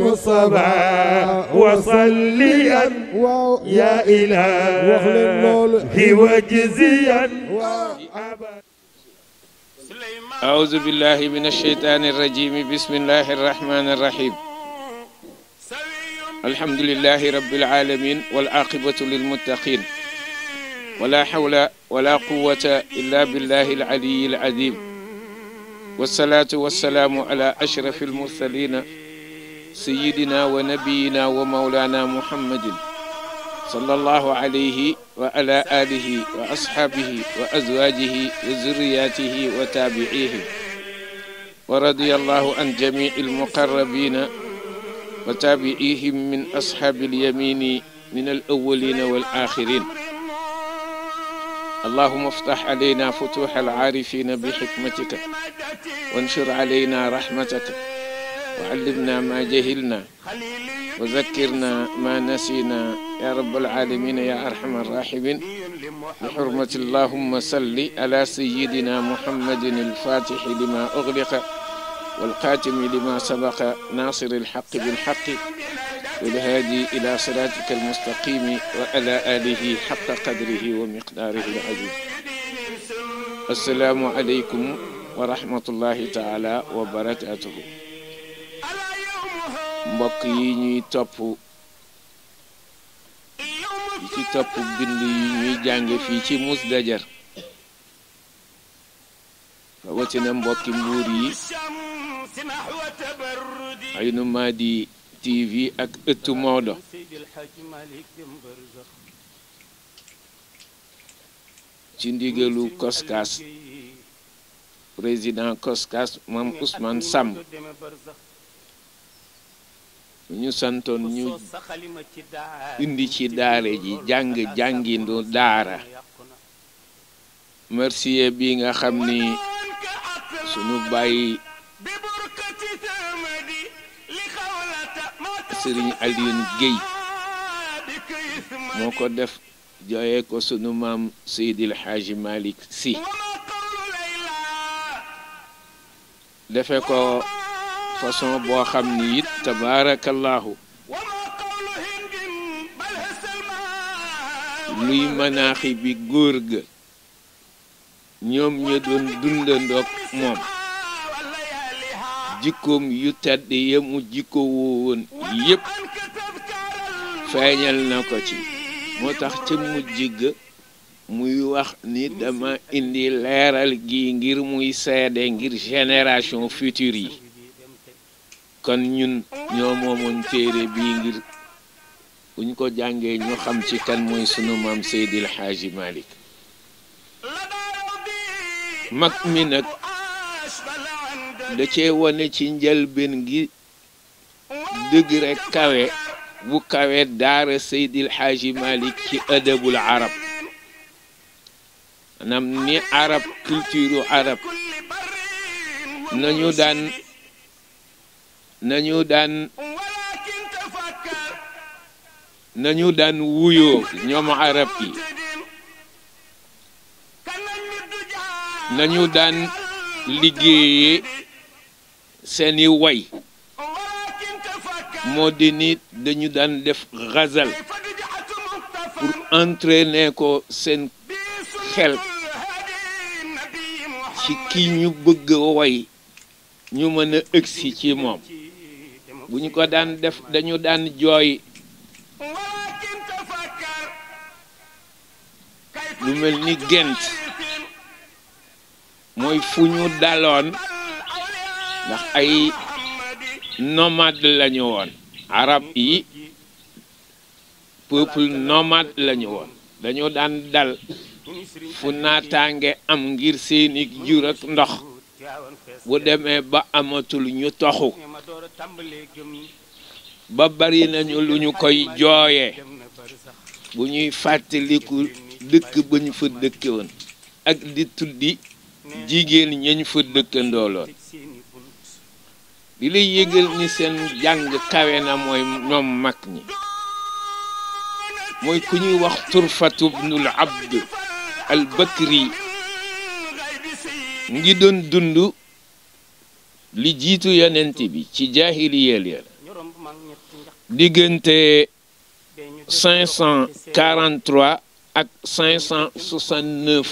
بصبع وصليا يا إلهي وجزيا أعوذ بالله من الشيطان الرجيم بسم الله الرحمن الرحيم الحمد لله رب العالمين والعاقبة للمتقين ولا حول ولا قوة إلا بالله العلي العظيم والصلاة والسلام على أشرف المرسلين سيدنا ونبينا ومولانا محمد صلى الله عليه وعلى آله وأصحابه وأزواجه وذرياته وتابعيه ورضي الله عن جميع المقربين وتابعيهم من أصحاب اليمين من الأولين والآخرين اللهم افتح علينا فتوح العارفين بحكمتك وانشر علينا رحمتك وعلمنا ما جهلنا وذكرنا ما نسينا يا رب العالمين يا أرحم الراحمين بحرمة اللهم صل على سيدنا محمد الفاتح لما أغلق والقاتم لما سبق ناصر الحق بالحق والهادي إلى صراطك المستقيم وعلى آله حق قدره ومقداره العظيم السلام عليكم ورحمة الله تعالى وبركاته مبقيني تبو ñuy topp بني ci topp bind yi ñuy jàng fii ci Musdajar rawatina mbokki mbuur yi TV ak etu Maodo ci ndigalu COSCAS président COSCAS moom Ousmane Samb ñu santoon ñu indi ci daara ji jàng jàngindu daara merci bi nga xam ni sunu bàyyi Serigne Alioune Guèye moo ko def jooyee ko sunu maam Seydil Hadji Malick Sy defe ko façon boo xam ni it tabaarakallaahu luy manaaxi bi góor ga ñoom ñu doon dundandoog moom jikkoom yu tedd yemu jikko woon yëpp feeñal na ko ci moo tax ca mujj ga muy wax ni dama indi leeral gi ngir muy seede ngir generation future yi kon ñun ñoo moomoon téere bii ngir buñ ko jàngee ñu xam ci kan mooy sunu maam Seydil Xaaji Malik mag mi nag da cee wane ci njëlbeen gi dëgg rek kawe bu kawe daara seydil xaaji malik ci ëdëbul arab maanaam ni arab culture arab nañu daan nañu ñoom arab yi nañu daan liggéeyee seeni woy moo di nit dañu daan def xazal pour entraîner ko seen xel ci ki ñu bëgg way ñu mën a ëgsi ci moom bu ñu ko daan def dañu daan jooy lu mel ni gent mooy fu ñu daloon ndax ay nomade la ñu woon arab yi peuple nomade la woon dañoo daan dal fu naataange am ngir seeni jur ndox bu demee ba amatul ñu toxu ba bari nañu lu ñu koy jooyee bu ñuy fàttaliku dëkk ba ñu fa dëkke ak di tuddi jigéen ñañ fa dëkkandooloon di lay yëgal ni seen jàng kawe na mooy ñoom mag ñi mooy ku ñuy wax turfatu bnul abd al bakri ngi doon dund li jiitu yonent bi ci jaahiliyeel ya diggante 543 ak 569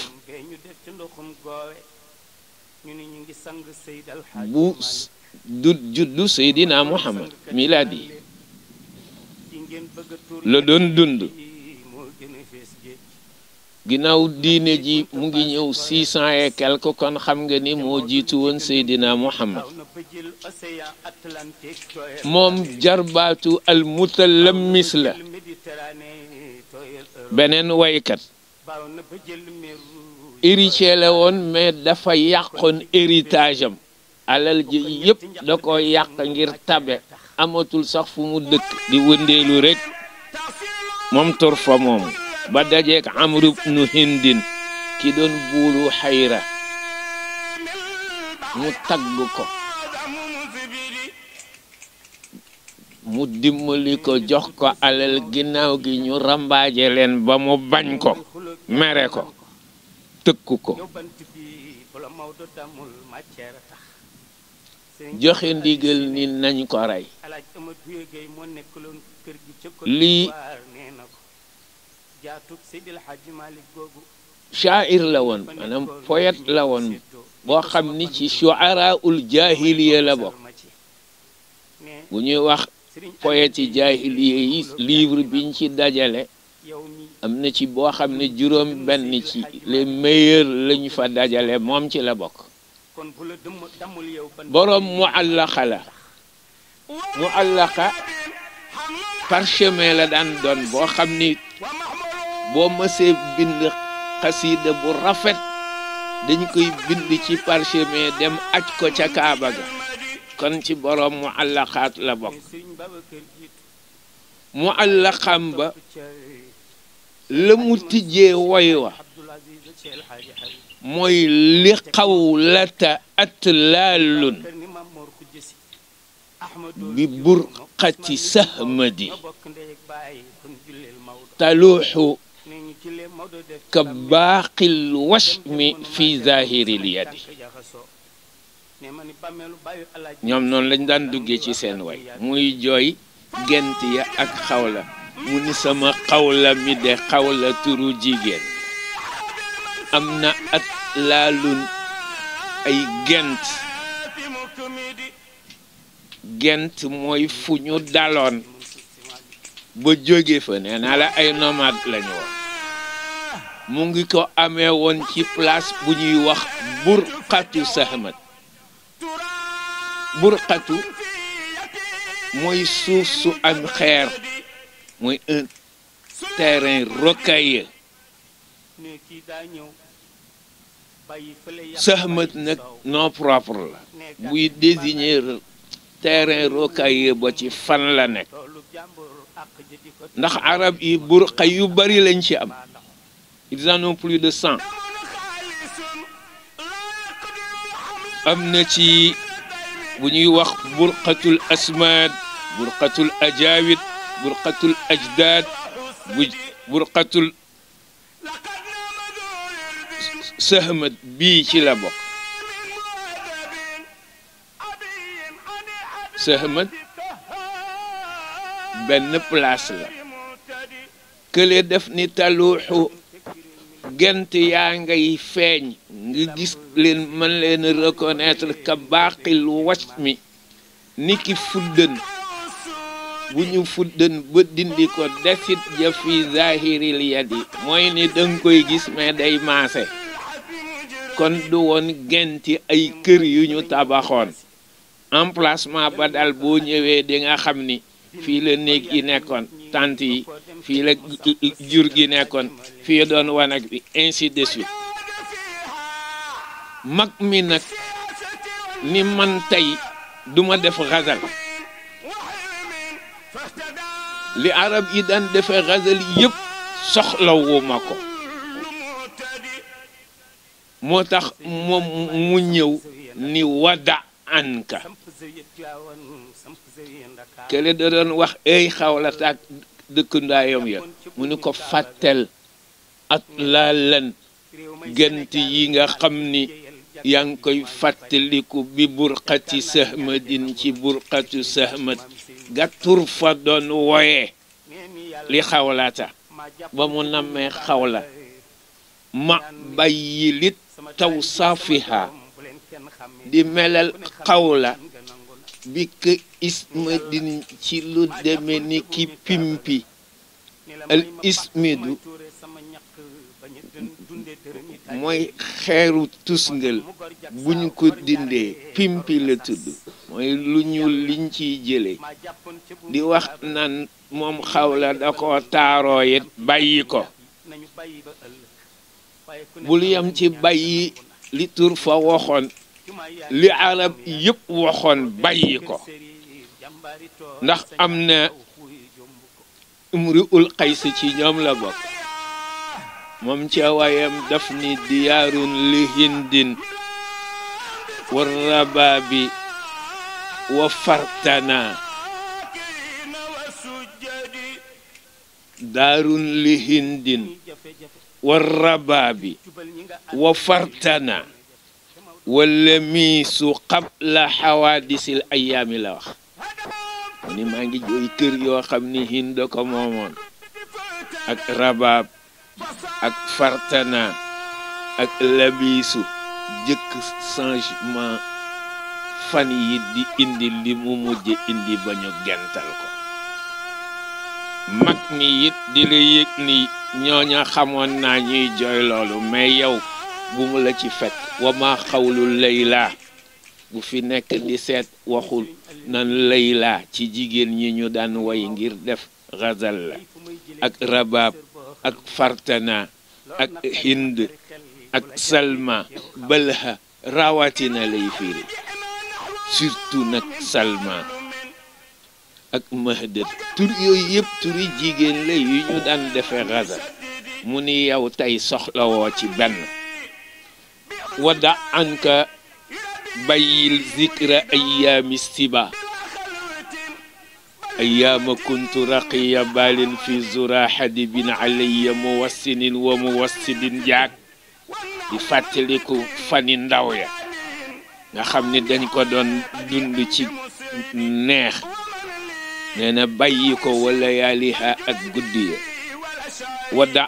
bu du juddu seydina muhammad milaadi la doon dund ginnaaw diine ji mu ngi ñëw six cent et kon xam nga ni moo jiitu woon seydina muhammad moom jarbaatu al mutalammis la beneen waykat héritier la dafa yàqoon héritage alal ji yëpp da ko yàq ngir tabe amatul sax fu mu dëkk di wëndeelu rek moom tor moom ba dajeek amru ibnu hindin ki doon buulu xayra mu tagg ko mu dimbali ko jox ko alal ginnaaw gi ñu rambaaje leen ba mu bañ ko mere ko tëkku ko joxe ndigal ni nañ ko rey lii shaair la woon maanaam poète la woon boo xam ni ci shuara ul jaahiliya la bokk bu ñuy wax poète yi jaahiliya yi livre biñ ci dajale am na ci boo xam ne juróom benn ci les meilleurs lañu fa dajale moom ci la bokk boroom mu àllaqa la mu àllaxa parchemin la daan doon boo xam ni boo mësee bind xasiida bu rafet dañ koy bind ci parchemin dem aj ko ca kaaba ga kon ci boroom mu àllaqaat la bokk mu àllaqam ba la mu tijjee woy wa mooy li xawlata atlaalun bi burqati sahmadi taluuxu ka baaqil washmi fi zahiril yadi ñoom noonu lañ daan duggee ci seen way muy jooy gent ya ak xawla mu ni sama xawla mi de turu jigéen am na at laalun ay gent gent mooy fu ñu daloon ba jóge fa nee ay nomade lañu wax mu ngi ko amee woon ci place bu ñuy wax burqatu sahmat burqatu mooy suuf su am xeer mooy un terrain sahmat nag nom propre la buy désigner terrain rocailleux ba ci fan la nekk ndax arab yi burqa yu bari lañ ci am de cent am na ci bu ñuy wax burqatul asmaad burqatul ajaawit burqatul ajdaad burqatul sëhmat bii ci la bokk sëhmat benn place la kële def ni taluuxu gent yaa ngay feeñ nga gis leen mën leen reconnaître ka baaqil was mi ni ki fuddan bu ñu fuddan ba dindi ko desit ja fi zahiril yadi mooy ni danga koy gis mais day maase kon du woon genti ay kër yu ñu tabaxoon emplacement ba daal boo ñëwee di nga xam ni fii la néeg yi nekkoon tant yi fii la jur gi nekkoon fii doon wanag bi ainsi de mag mi nag ni man tey duma def xasal li arab yi daan defee xasal yëpp soxlawuma ko moo tax moom mu ñëw ni wada anka kële da doon wax ay xawlat ak dëkkundaayam ya mu ni ko fàttel at laa lan gént yi nga xam ni yaa ngi koy fàttaliku bi burqati sahmadin ci burqatu sahmad gàttur fa doon wooyee li xawlaata ba mu nammee xawla ma bàyyi tawsafiha di melal xawla bi ka ismadin ci lu deme ni ki pimpi al ismidu mooy xeeru tusngal buñ ko dindee pimpi la tudd mooy lu ñuul liñ ciy jële di wax naan moom xawla da ko taaroo it bàyyi ko bul yem ci bàyyi li tur fa waxoon li arab yëpp waxoon bàyyi ko ndax am na umri ul qays ci ñoom la bokk moom ca waayam ni diyaarun li hindin wa rabaabi wa fartana daarun li hindin والرباب وفرتنا واللميس قبل حوادث الأيام الأخ ni maa ngi jooy kër yoo xam ni hind ko moomoon ak rabaab ak fartana ak labisu jëkk changement fan yi di indi li mu mujj indi ba gental mag mi it di la ni ñooña xamoon naa ñuy jooy loolu mais yow bu mu la ci fet wa maa bu fi nekk di seet waxul nan laylaa ci jigéen ñi ñu daan woy ngir def gazal la ak rabaab ak fartana ak hind ak salma bëlha rawatina lay firi surtout nag salma ak mahdet tur yooyu yëpp turi jigéen la yu ñu daan defe raza mu ni yow tey soxlawoo ci benn wada anka bàyyil zikra ayaami siba ayaama kuntu raqiya balin fi zurahadi bin alayya muwassinin wa muwassidin jaak di fàttaliku fani ndaw ya nga xam ni dañ ko doon dund ci neex nee na bàyyi ko wala yaaliha ak guddi ya wadda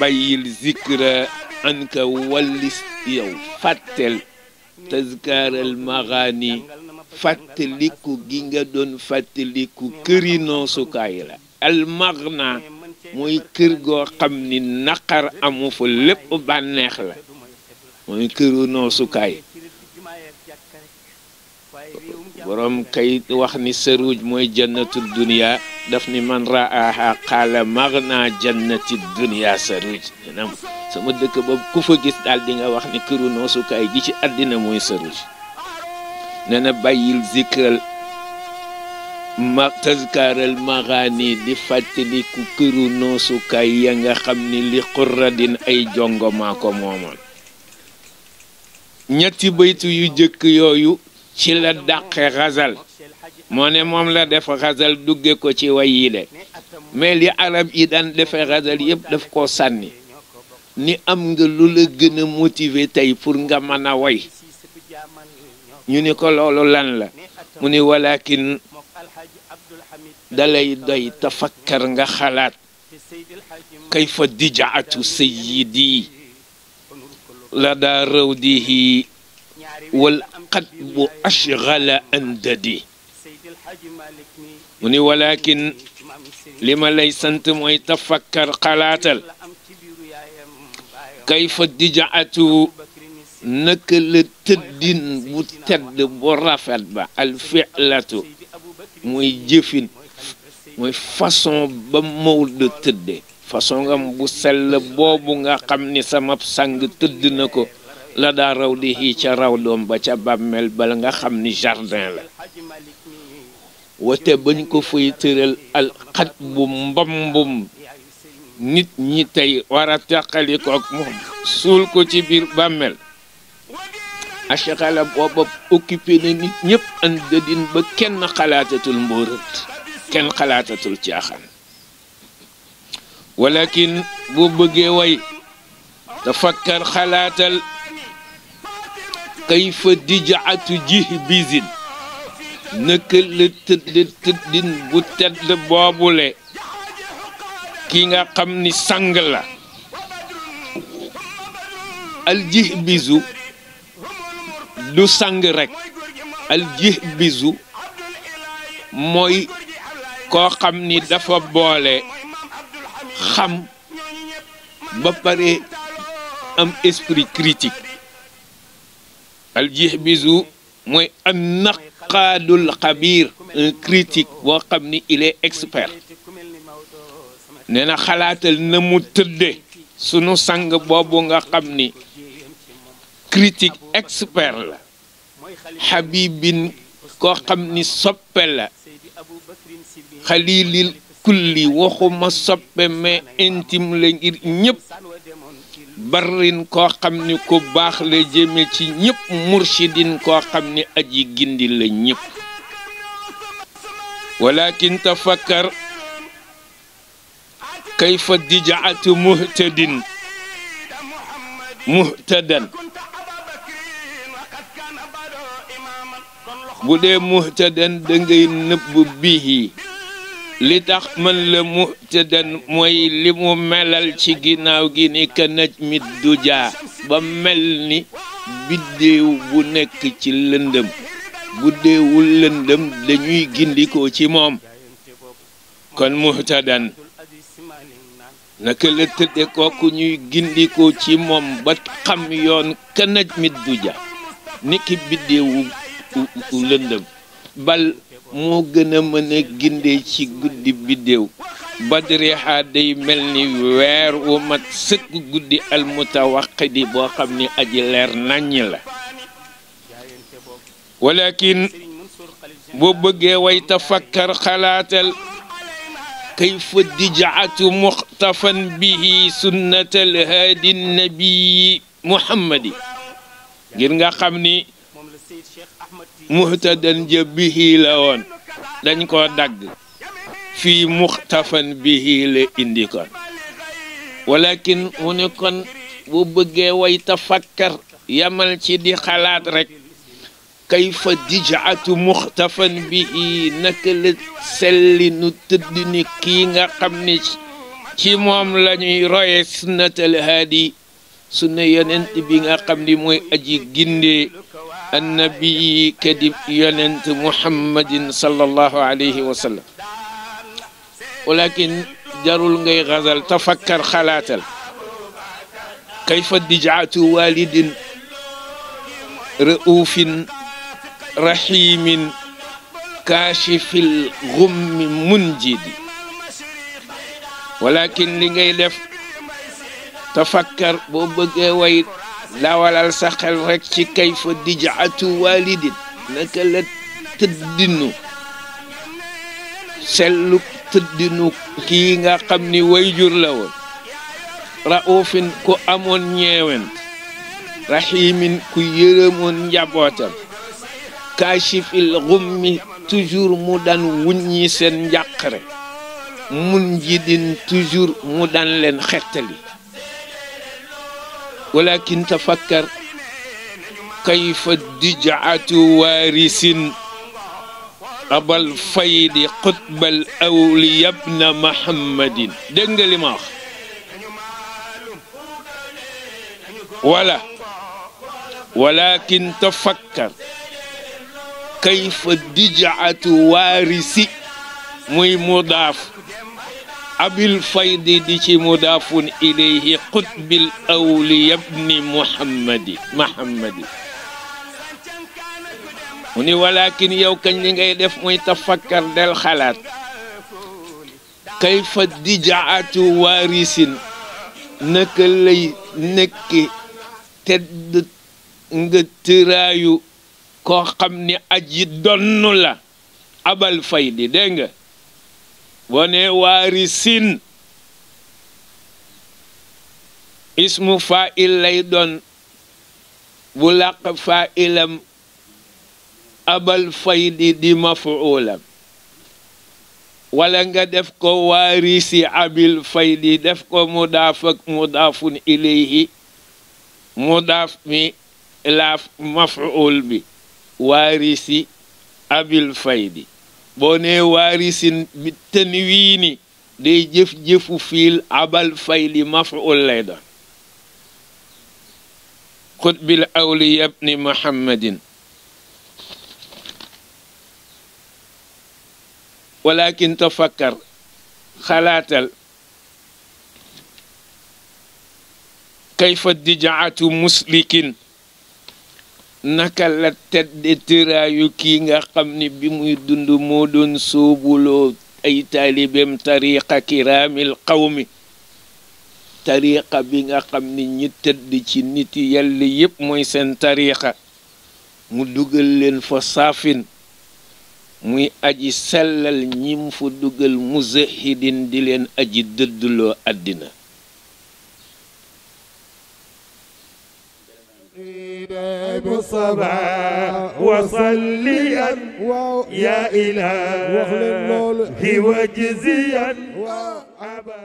bàyyil zikra anka wallis yow fàttel tazkaaral maxaani fàttaliku gi nga doon fàttaliku këri noosukaay la almaxna mooy kër goo xam ni naqar amu fa lépp bànneex la mooy këru noosukaay borom kay wax ni saruuj mooy jannatul dunia daf ni man raaha qaala magna jannati dunia saruuj maanaam sama dëkk boobu ku fa gis daal di wax ni këru noosukaay gi ci àddina mooy saruuj nee na bàyyil zikral ma tazkaral magaani di fàttali ku këru noosukaay ya nga xam ni li xurradin ay jongomaa ko moomoon ñetti baytu yu jëkk yooyu ci la dàqe xasal moo ne moom la def xasal dugge ko ci way yi de mais li arab yi daan defee xasal yëpp daf koo sànni ni am nga lu la gën a motiver tey pour nga mën a way ñu ni ko loolu lan la mu ne walakin dalay doy tafakkar nga xalaat kayfa dijaatu sayyidi la daa rëw dihi wal qadbu ashgala andadi mu ni walakin li ma lay sant mooy tafakkar xalaatal kayfa dijaatu naka la tëddin bu tedd bu rafet ba al filatu mooy jëfin mooy façon ba Maodo tëdde façon ngam bu sell boobu nga xam ni sama sang tëdd na ko la daa raw di xii ca raw doom ba ca bàmmeel bala nga xam ni jardin la wate bañ ko fay tëral al xat bu nit ñi tey war a tàqaliko ak moom suul ko ci biir bàmmeel achaqala booba occupé na nit ñëpp an dëdin ba kenn xalaatatul mbóorat kenn xalaatatul caaxaan walakin bu bëggee way tafakkar xalaatal kayfa dijaatu jih bisin naka la tëdd tëddin bu tedd boobule ki nga xam ni sang la aljih bisu du sang rekk aljih bisu mooy koo xam ni dafa boole xam ba pare am esprit critique الجهبزو موي النقاد القبير الكريتيك وقمني إلي إكسبير نينا خلاتل نمو تدي سنو سنگ بابو نغا قمني كريتيك إكسبير حبيب كو قمني سبل خليل الكل وخو ما سبب ما انتم لنجير نيب barrin koo xam ni ku baax la jëme ci ñëpp mursidin ko xam ni aji gindi la ñépp walakin tafakkar kayfa dijaatu muhtadin bu dee muhtadan da nëbb bihi li tax mën la mu tëddan mooy li mu melal ci ginnaaw gi ni ka naj mit jaa ba mel ni biddéew bu nekk ci lëndëm bu déewul lëndëm dañuy gindikoo ci moom kon muhtadan naka la tëdde kooku ñuy gindikoo ci moom ba xam yoon ka naj mit du jaa ni ki lëndëm moo gën a mën a gindee ci guddi biddéew badriha day mel ni weer wu mat sëkk guddi almutawaqidi boo xam ni aji leer nàññi la walakin boo bëggee way tafakkar xalaatal kayfa dijaatu muxtafan bihi sunnatal haadi nabiyi muhammadi ngir nga xam ni muhtadan ja bihi la woon dañ koo dagg fii muxtafan bihi la indi kon walakin mu ne bu bëggee way tafakkar yamal ci di xalaat rek kayfa dijaatu muxtafan bihi naka la selli nu tëdd ni kii nga xam ni ci moom la ñuy roye sunnatal haadi sunna yonent bi nga xam ni mooy aji gindee النبي كدب يلنت محمد صلى الله عليه وسلم ولكن جرول غي غزل تفكر خلاتل كيف دجعت والد رؤوف رحيم كاشف الغم منجد ولكن لغي لف تفكر بو بغي dawalal sa xel ci kayfa fa dijaatu walidin naka la tëddinu sellu tëddinu kii nga xam ni wayjur la woon raufin ku amoon ñeewent rahimin ku yërëmoon njabootam kaashifil xummi toujours mu daan wuññi seen njàqare mun ji din mu dan leen xettali ولكن تفكر كيف الدجعة وارث أبا الفيد قطب الأولي ابن محمد دنگ لي ما ولا ولكن تفكر كيف الدجعة وارث مي مضاف abil faydi di ci mudaafun ilayhi qutbil awliya ibni muhammadi muhammadi mu ni walakin yow kañ ni ngay def muy tafakkar del xalaat kayfa dijaatu waarisin naka lay nekki tedd nga tëraayu koo xam ni aji donn la abal faydi dégg nga boo nee waarisin ismu faa'il lay doon bu làq abal faydi di mafuulam wala nga def ko waarisi abil faydi def ko mudaaf ak mudaafun ilayhi mudaaf mi laaf mafuul bi waarisi abil faydi boo nee waarisin bi tanwiini day jëf-jëfu fiil abal fayli maf'ul lay doon xutbil awliya ibni muhammadin walakin tafakkar xalaatal kayfa dijaatu muslikin naka la tedde tëraayu kii nga xam ni bi muy dund moo doon sóobuloo ay taalibeem tariqa kiraamil qawmi tariqa bi nga xam ni ñi tëdd ci nit yàlla yépp mooy seen tariqa mu dugal leen fa saafin muy aji sellal ñim fa dugal muzahidin di leen aji dëddloo àddina بصبع وصليا يا إلهي وجزيا